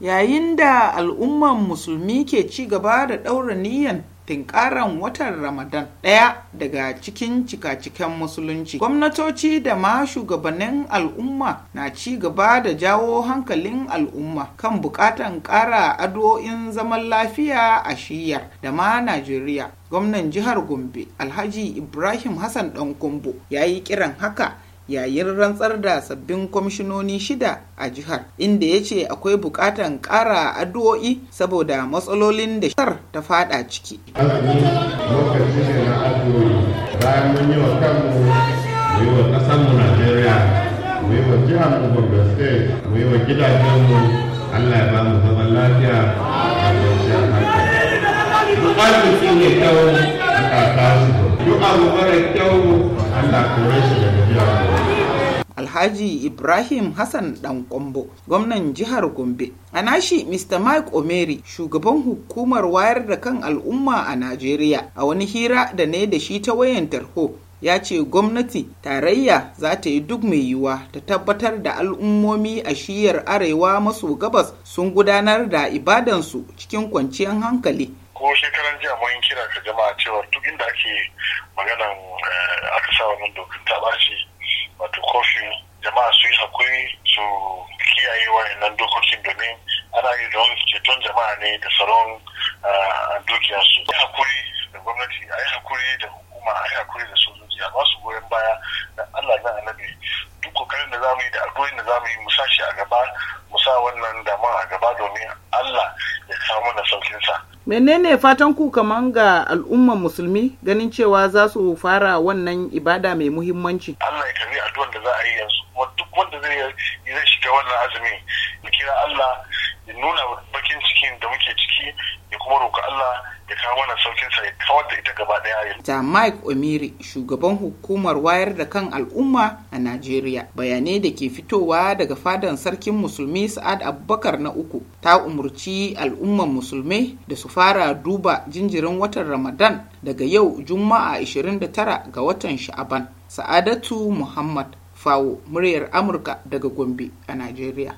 yayin da al'umman musulmi ke ci gaba da ɗaura niyyar tinkaran watan ramadan ɗaya daga cikin cika-ciken musulunci gwamnatoci da ma shugabannin al'umma na ci gaba da jawo hankalin al'umma kan bukatan ƙara addu'o'in zaman lafiya a shiyar da ma najeriya gwamnan jihar gombe alhaji ibrahim hassan ɗan kumbu ya yi kiran haka yayin rantsar da sabbin kwamishinoni shida a jihar inda ya ce akwai bukatan ƙara addu'o'i saboda matsalolin da shar ta fada ciki. lokaci ne na Allah ya ba mu zaman lafiya a kwanciyar hankali. ne kyau a Duk abu mara kyau Allah kore shi Alhaji Ibrahim Hassan kombo gwamnan jihar Gombe. A nashi Mr. Mike Omeri, shugaban hukumar wayar da kan al'umma a Najeriya, a wani hira da ne da shi ta wayan tarho, ya ce gwamnati tarayya za ta yi duk mai yiwuwa ta tabbatar da al'ummomi a shiyar arewa maso gabas sun gudanar da ibadansu cikin kwanciyar hankali. ko shekaran jiya mun kira ka jama'a cewa duk inda ake maganan eh, aka sa wannan dokin ta ɓaci akwai su kiyaye wayannan dokokin domin ana yi don ceton jama'a ne da tsaron ah, dukiyarsu. ya hakuri da gwamnati, ai hakuri da hukuma, ai hakuri da sojoji, a basu goyon baya da Allah na annabi. Duk kokarin da za mu yi da addu'o'in da za mu yi mu sa shi a gaba, mu sa wannan dama a gaba domin Allah ya kawo mana saukinsa. menene fatan ku kaman ga al'umman musulmi ganin cewa za su fara wannan ibada mai muhimmanci Allah ya karbi addu'ar da za a yi yanzu kuma duk lallai zai shiga wannan azumi ya kira Allah ya nuna bakin cikin da muke ciki ya kuma roƙi Allah ya kawo mana saukin sa ya kawar da ita gaba daya. Ta Mike Omiri shugaban hukumar wayar da kan al'umma a Najeriya bayanai da ke fitowa daga fadan sarkin musulmi Sa'ad Abubakar na uku ta umurci al'umman musulmai da su fara duba jinjirin watan Ramadan daga yau Juma'a 29 ga watan Sha'aban. Sa'adatu Muhammad fawo muryar amurka daga gombe a najeriya